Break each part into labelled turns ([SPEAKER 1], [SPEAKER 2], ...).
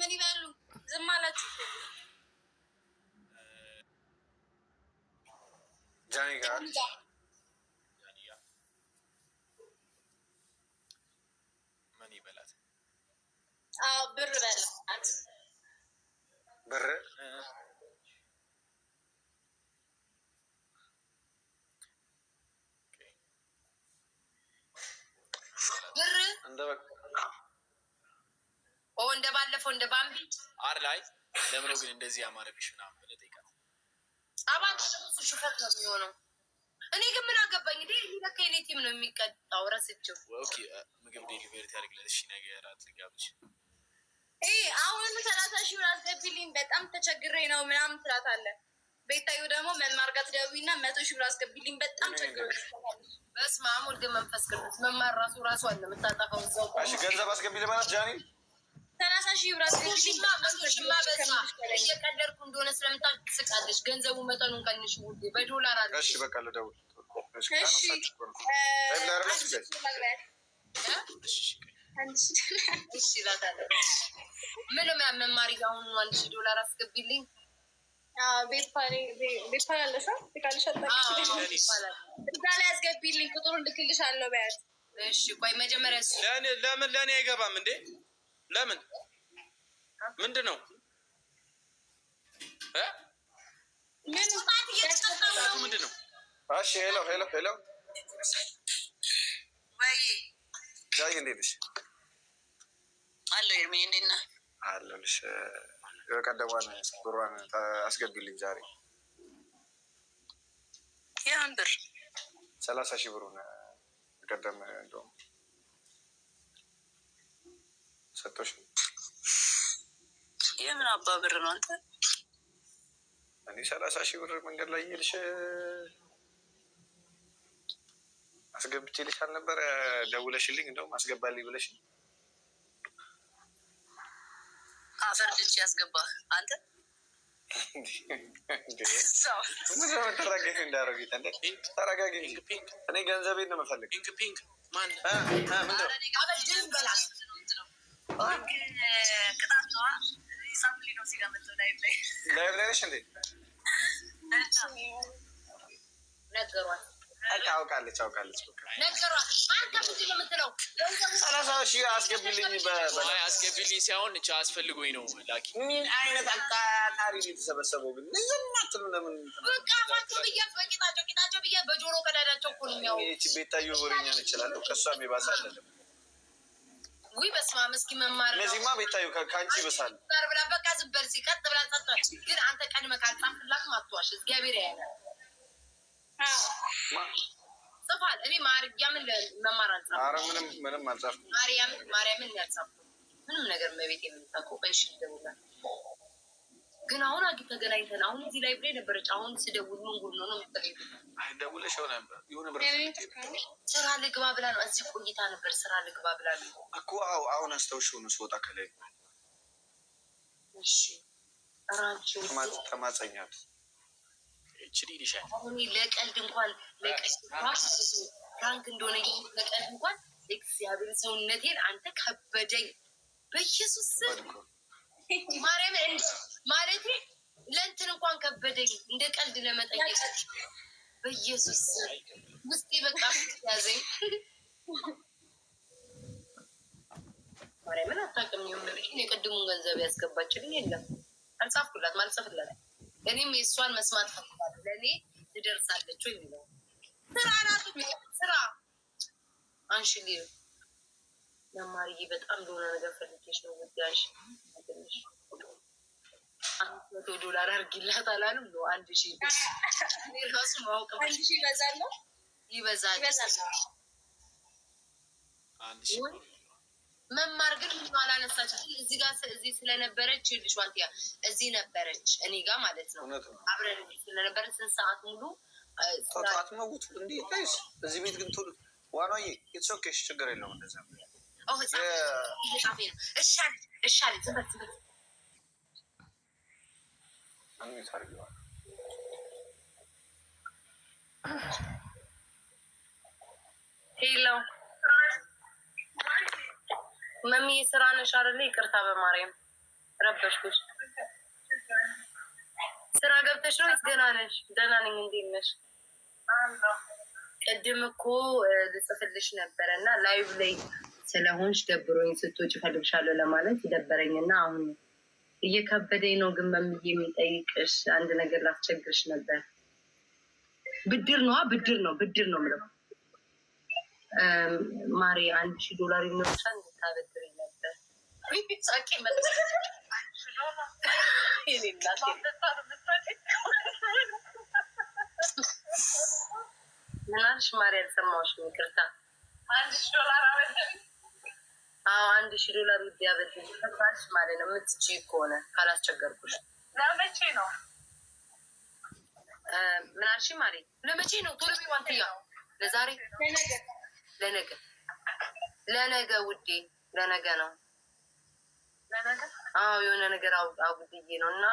[SPEAKER 1] ምን ይላሉ? ዝም አላችሁ። ምን ይበላት? አዎ ብር በላት ብር ብር እንደ ባምቢ
[SPEAKER 2] አር ላይ ለምሮ ግን እንደዚህ ያማረብሽ ምናምን ብለህ ጠይቃት።
[SPEAKER 1] አባንክ ብዙ ሽፈት ነው የሚሆነው። እኔ ግን ምን አገባኝ እንዴ? ሊለካ የኔ ቲም ነው የሚቀጣው። ረስቸው
[SPEAKER 2] ኦኬ። ምግብ ዴሊቨሪ ታደርግለት። እሺ ነገር አትጋብች።
[SPEAKER 1] ይሄ አሁን ሰላሳ ሺ ብር አስገቢልኝ በጣም ተቸግሬ ነው ምናምን ትላት አለ። ቤታዩ ደግሞ መማር ጋር ትደውይና መቶ ሺ ብር አስገቢልኝ በጣም ቸግሬ በስመ አብ ወልድ መንፈስ ቅዱስ መማር ራሱ ራሱ አለ የምታጠፋው እዛው
[SPEAKER 2] ገንዘብ አስገቢልኝ ማለት ጃኒ
[SPEAKER 1] ሰላሳ ሺህ ብር እየቀለድኩ እንደሆነ ስለምታውቅ ትስቃለች። ገንዘቡ መጠኑን ቀንሽ ውዴ፣ በዶላር አለ።
[SPEAKER 2] እሺ በቃ ልደውል።
[SPEAKER 1] ምንም ያመማሪ አሁኑ አንድ ሺህ ዶላር አስገቢልኝ።
[SPEAKER 3] ቤፓል ላይ
[SPEAKER 1] አስገቢልኝ። ቁጥሩን ልክልሽ አለው። በያት እሺ። ቆይ መጀመሪያ
[SPEAKER 2] ለምን ለእኔ አይገባም እንዴ? ለምን ምንድን ነው ምንድን ነው? እሺ ሄሎ ሄሎ ሄሎ እንዴት ነሽ?
[SPEAKER 1] አለሁ እንዴት ነህ?
[SPEAKER 2] አለሁልሽ። የቀደሟን ብሯን አስገቢልኝ ዛሬ ያን ብር ሰላሳ ሺህ ብሩን የቀደም እንደውም ሰጥቶሽ ነው።
[SPEAKER 1] የምን አባ ብር ነው አንተ?
[SPEAKER 2] እኔ ሰላሳ ሺህ ብር መንገድ ላይ እየሄድሽ አስገብቼልሽ አልነበረ? ደውለሽልኝ እንደውም አስገባልኝ ብለሽ
[SPEAKER 1] አፈር ልጅ ያስገባ አንተ
[SPEAKER 2] እኔ ገንዘቤን ነው የምፈልግ። ፒንክ ፒንክ ማን አውቃለች አውቃለች። አስገቢልኝ
[SPEAKER 1] አስገቢልኝ እ አስፈልጎኝ ነው
[SPEAKER 2] ላኪ። ምን አይነት አቃጣሪ የተሰበሰበው ግን ለምን
[SPEAKER 1] በጆሮ ቀዳዳቸው
[SPEAKER 2] ቤታዮ ወሬኛ ይችላሉ። ከእሷም የባሰ አይደለም
[SPEAKER 1] ውይ በስመ አብ እስኪ መማር
[SPEAKER 2] እነዚህማ ቤታዩ ከአንቺ ይበሳል
[SPEAKER 1] ብላ በቃ ዝም በል ሲቀጥ ብላ ጸጥ ግን አንተ ቀድመህ ካልጻፍላት ማትዋሽ እግዚአብሔር ያያል ጽፋል። እኔ ማርያምን መማር
[SPEAKER 2] አልጻፍኩም አረ ምንም ምንም አልጻፍኩም
[SPEAKER 1] ማርያም ማርያምን ያልጻፍኩ ምንም ነገር መቤት የምንታቆ በንሽ ደውላል ግን አሁን አግብ ተገናኝተን አሁን እዚህ ላይ ብሬ ነበረች። አሁን ስደውል ምን ጉድ ነው ነው ስራ ልግባ ብላ ነው እዚህ ቆይታ ነበር። ስራ ልግባ ብላ ነው
[SPEAKER 2] እኮ አዎ። አሁን አስታውሽው ነው ስወጣ ከላይ ተማጸኛት
[SPEAKER 1] አሁን ለቀልድ እንኳን ፍራንክ እንደሆነ ለቀልድ እንኳን እግዚአብሔር ሰውነቴን አንተ ከበደኝ በኢየሱስ ስም ማርያም ማለቴ ለእንትን እንኳን ከበደኝ እንደ ቀልድ ለመጠየቅ በኢየሱስ ውስጤ በቃ ያዘኝ። ማርያምን አታውቅም። የቅድሙን ገንዘብ ያስገባችልኝ የለም አልጻፍኩላት ማልጽፍላት እኔም የእሷን መስማት ፈቅዳል ለእኔ ትደርሳለች ወይ የሚለው ስራ ናቱ ስራ አንሽሊ ለማርዬ በጣም ለሆነ ነገር ፈልጌሽ ነው ጉዳያሽ መቶ ዶላር አርጊላት አላለም ነው። አንድ ሺ ራሱ ማወቅ ይበዛል ነው ይበዛል። መማር ግን ምንም አላነሳችም። እዚህ ጋር እዚህ ስለነበረች ልጅዋን ያ እዚህ ነበረች እኔ ጋር ማለት ነው። አብረን ስለነበረች ስንት ሰዓት ሙሉ
[SPEAKER 2] ጠዋት ነው ውጡ እንዴ እዚህ ቤት ግን ቶሎ ዋናዬ የተሰኬሽ ችግር የለውም። እንደዛ
[SPEAKER 1] ነው እሻል እሻል ጽፈት ጽፈት
[SPEAKER 2] እንዴት አድርገዋል?
[SPEAKER 1] ሄሎ መሚ ስራ ነሽ አይደለ? ይቅርታ በማርያም ረበሽኩሽ። ስራ ገብተሽ ነው? ገና ነሽ? ደህና ነኝ። እንዴት ነሽ? ቅድም እኮ ልጽፍልሽ ነበረ እና ላይቭ ላይ ስለሆንሽ ደብሮኝ ስትወጪ እፈልግሻለሁ ለማለት ይደበረኝና አሁን እየከበደኝ ነው ግን መምዬ የሚጠይቅሽ አንድ ነገር ላስቸግርሽ ነበር። ብድር ነዋ ብድር ነው ብድር ነው ምለው ማሪ አንድ ሺ ዶላር ይኖርሻል እንድታበድር ነበር። ምናልሽ ማሪ አልሰማሁሽም፣ ይቅርታ
[SPEAKER 3] አንድ ሺ ዶላር አበድር
[SPEAKER 1] አዎ አንድ ሺ ዶላር ውድ ያበድኝ ራሽ ማለት ነው። የምትችይ ከሆነ ካላስቸገርኩሽ
[SPEAKER 3] ለመቼ ነው
[SPEAKER 1] ምን አልሽኝ? ማለት ለመቼ ነው? ቶሎ ቢዋንትያ ለዛሬ ለነገ ለነገ ውዴ ለነገ ነው። ለነገ አዎ የሆነ ነገር አጉድዬ ነው እና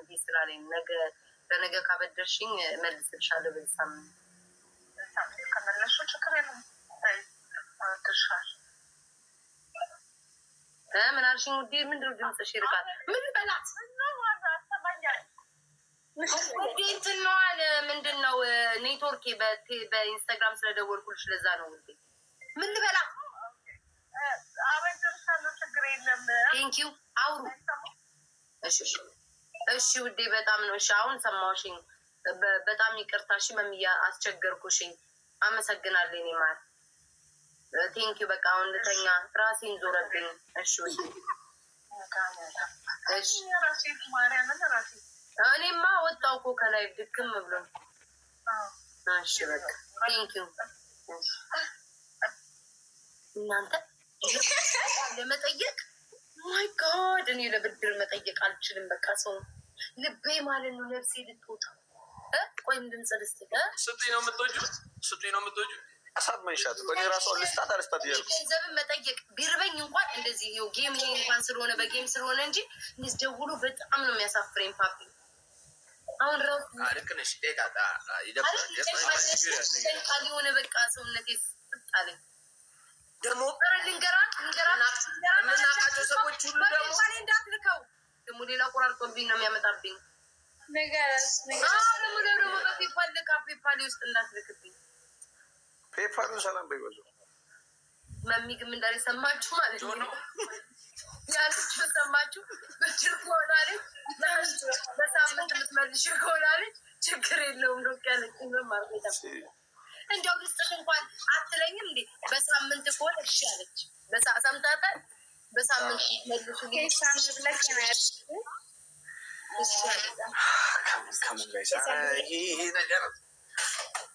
[SPEAKER 1] እንዲ ስላለኝ ነገ ለነገ ካበደርሽኝ መልስልሻለሁ በዚህ ሳምንት ካልሽኝ ውዴ፣ ምንድን ነው ድምፅሽ ይርቃል? ምን በላት ውዴ፣ እንትን ነዋ። ምንድን ነው ኔትወርኬ በኢንስታግራም ስለደወልኩልሽ ለዛ ነው ውዴ። ምን በላት ቴንኪው። አውሩ እሺ ውዴ፣ በጣም ነው እሺ። አሁን ሰማሁሽኝ። በጣም ይቅርታ እሺ። መምያ አስቸገርኩሽኝ። አመሰግናለሁ። ኔ ማር ቴንኪው። በቃ አሁን ልተኛ፣ ራሴን ዞረብኝ። እሺ እኔማ ወጣው እኮ ከላይ ድክም ብሎ። እሺ በቃ ቴንኪው። እናንተ ለመጠየቅ ማይ ጋድ፣ እኔ ለብድር መጠየቅ አልችልም። በቃ ሰው ልቤ ማለት ነው ነፍሴ ልትወጣ ቆይም ድምፅ ልስጥ
[SPEAKER 2] ስጡኝ ነው የምትወጂው፣ ስጡኝ ነው የምትወጂው ሀሳብ መንሻት እኔ ራሱ ልስጣት አልስታት እያልኩ
[SPEAKER 1] ገንዘብን መጠየቅ ቢርበኝ እንኳን እንደዚህ ይኸው ጌም ይሄ እንኳን ስለሆነ በጌም ስለሆነ እንጂ እንደዚህ ደውሎ በጣም ነው የሚያሳፍረኝ። ፓፒ አሁን በቃ ሰውነት ስጣለኝ ደግሞ ደግሞ ደግሞ ሌላ ቆራርጦብኝ የሚያመጣብኝ ነገር ደግሞ ደግሞ ውስጥ እንዳትልክብኝ
[SPEAKER 2] ፔፐሩን ሰላም በይበዙ
[SPEAKER 1] መሚግም እንዳለ ሰማችሁ ማለት ነው። ያለች ሰማችሁ በችር ከሆናለች በሳምንት ምትመልሽ ከሆናለች ችግር የለውም ነው ያለች መማር እንዲያው ልስጥሽ እንኳን አትለኝም እንዴ በሳምንት ከሆነ እሺ አለች። ሰምታታል በሳምንት
[SPEAKER 3] መልሱ
[SPEAKER 2] ሳምንት ይሄ ነገር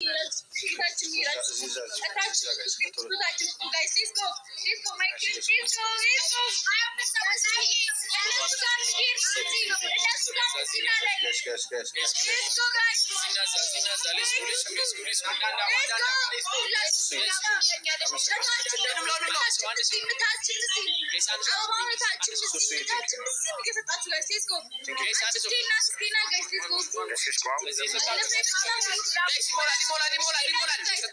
[SPEAKER 2] Yeah. ሌስ እያለ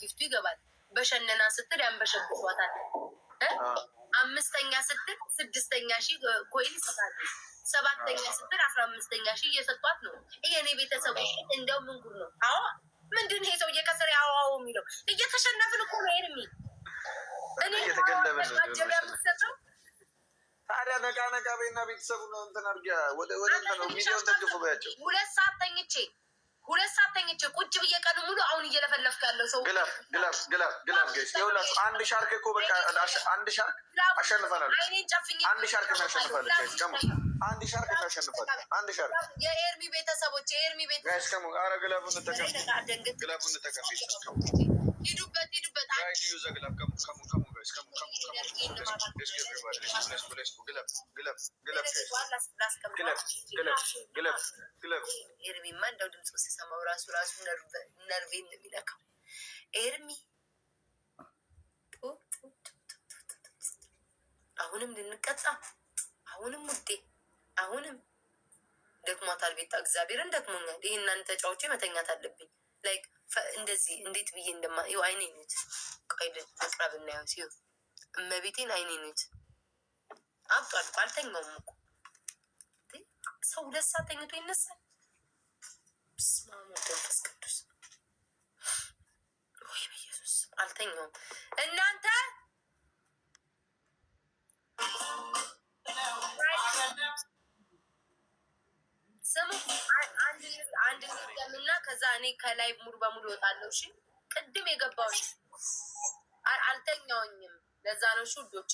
[SPEAKER 2] ጊፍቱ ይገባል። በሸነና ስትል ያንበሸብቷታል። አምስተኛ ስትል ስድስተኛ ሺህ ኮይል ይሰጣሉ። ሰባተኛ ስትል አስራ አምስተኛ ሺህ እየሰጧት ነው። የኔ ቤተሰቡ እንደው ምን ጉድ ነው? አዎ ምንድን ይሄ ሰው እየከሰረ ያዋው የሚለው እየተሸነፍን እኮ ነው። ይሄን የሚል እኔ ጀጋ የምትሰጠው ታዲያ ነቃ ነቃ ቤና ቤተሰቡ ነው እንትን አድርጊያ ወደ ወደ ነው ሚሊዮን ደግፉ በያቸው ሁለት ሰዓት ተኝቼ ሁለት ሰዓት ተኝቼ ቁጭ ብዬ ቀን ሙሉ አሁን እየለፈለፍክ ያለው ሰው ግለፍ ግለፍ ግለፍ ግለፍ ገይስ ይኸውላችሁ፣ አንድ ሻርክ እኮ በቃ አንድ ሻርክ አሸንፈናል። አይኔን ጨፍኝ። አንድ ሻርክ የሚያሸንፋል ገይስ አንድ ሻርክ የሚያሸንፋል። አንድ ሻርክ የኤርሚ ቤተሰቦች የኤርሚ ቤተሰቦች ገይስ ቀሙ። አረ ግለፉ እንጠቀም፣ ግለፉ እንጠቀም። ሂዱበት ሂዱበት። አይ ዩ ዘግለፍ ቀሙ ቀሙ let's come, come, come. ኤርሚማ እንደው ድምፅ ስሰማው ራሱ ራሱ ነርቬን ነው የሚለካው። ኤርሚ አሁንም ልንቀጣ፣ አሁንም ውዴ፣ አሁንም ደክሟታል ቤታ። እግዚአብሔርን ደክሞኛል። ይህ እናንተ ተጫዋቾች መተኛት አለብኝ። ላይክ እንደዚህ እንዴት ብዬ እንደማ ይኸው አይኔ ነት ቆይ መቅረብ እናየው ሲሁ እመቤቴን አይኔ ነት አብጧል። አልተኛውም እኮ ሰው ሁለት ሰዓት ተኝቶ ይነሳል። ስማ መንፈስ ቅዱስ ወይ በኢየሱስ አልተኛውም እናንተ ከላይ ሙሉ በሙሉ ይወጣለሁ። እሺ ቅድም የገባው አልተኛውኝም። ለዛ ነው ሹዶቼ